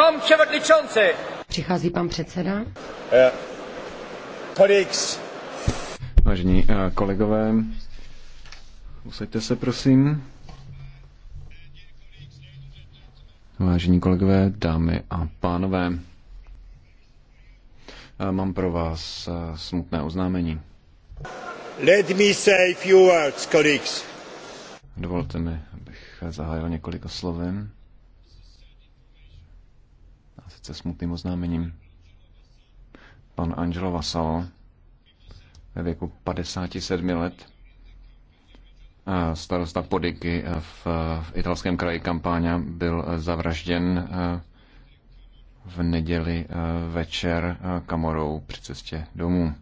Pan předsedající. Přichází pan předseda. Kodex. E, Vážení e, kolegové, usaďte se prosím. Vážení kolegové, dámy a pánové, e, mám pro vás smutné oznámení. Let me say few words, colleagues. Dovolte mi, abych zahájil několik slovem se smutným oznámením. Pan Angelo Vasalo ve věku 57 let starosta Podiky v, v italském kraji Kampáňa byl zavražděn e, v neděli e, večer e, kamorou při cestě domů.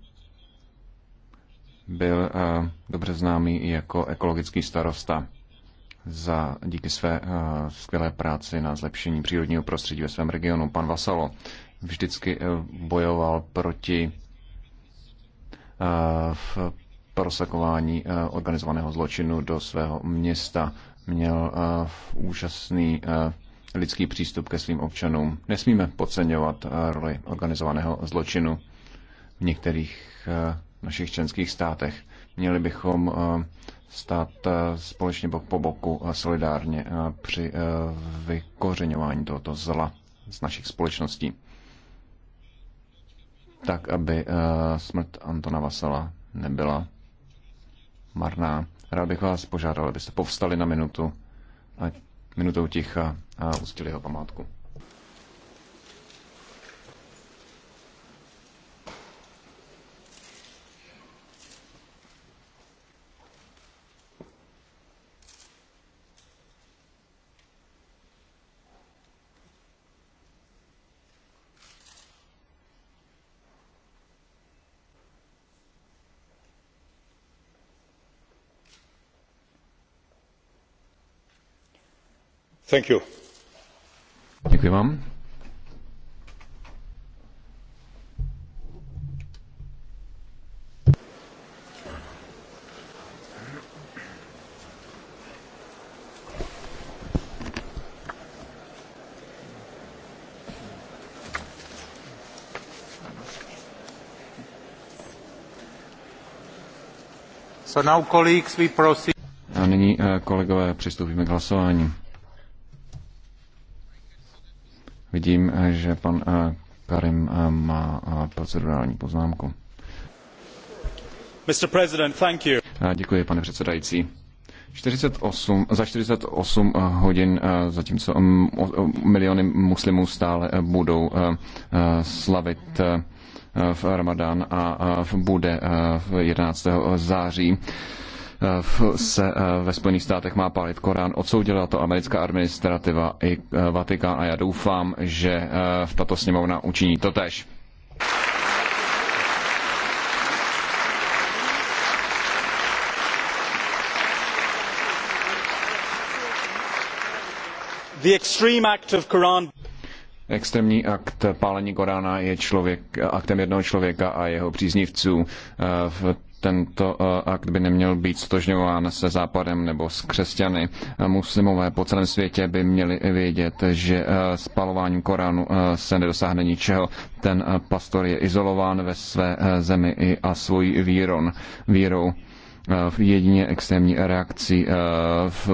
Byl dobře známý jako ekologický starosta za díky své uh, skvělé práci na zlepšení přírodního prostředí ve svém regionu. Pan Vasalo vždycky uh, bojoval proti uh, v prosakování uh, organizovaného zločinu do svého města. Měl uh, úžasný uh, lidský přístup ke svým občanům. Nesmíme podceňovat roli organizovaného zločinu v některých našich členských státech. Měli bychom stát eh, společně po boku a solidárně eh, při eh, vykořeňování tohoto zla z našich společností. Tak, aby smrt Antona Vasala nebyla marná. Rád bych vás požádal, abyste povstali na minutu a minutou ticha a ustili jeho památku. Děkuji vám. So A nyní, eh, kolegové, přistoupíme k hlasování. Vidím, eh, že pan eh, Karim eh, má procedurální poznámku. Mr. President, thank you. Děkuji, pane předsedající. 48, za 48 hodin, zatímco mm, miliony muslimů stále budou slavit v Ramadán a bude 11. září se eh, ve Spojených státech má pálit Korán. Odsoudila to americká administrativa i eh, Vatikán a já doufám, že eh, v tato sněmovna učiní to tež. The extreme act of Quran extrémní akt pálení Korána je člověk, aktem jednoho člověka a jeho příznivců tento eh, akt by neměl být stožňován se Západem nebo s křesťany. Eh, muslimové po celém světě by měli vědět, že eh, spalováním Koránu se nedosáhne ničeho. Ten pastor je izolován ve své zemi i a svojí víron, vírou. V jedině extrémní reakcí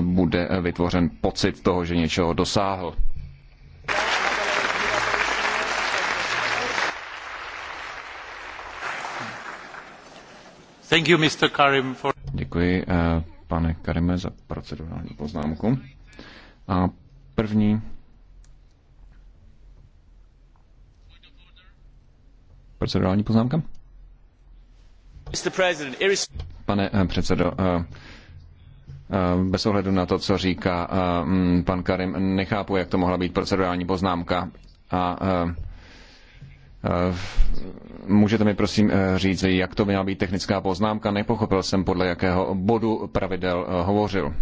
bude vytvořen pocit toho, že něčeho dosáhl. Děkuji, eh, pane Karime, za procedurální poznámku. A první procedurální poznámka? Pane eh, předsedo, eh, bez ohledu na to, co říká mm, pan Karim, nechápu, jak to mohla být procedurální poznámka. A Můžete mi prosím eh, říct, jak to měla být technická poznámka? Nepochopil jsem, podle jakého bodu pravidel eh, hovořil.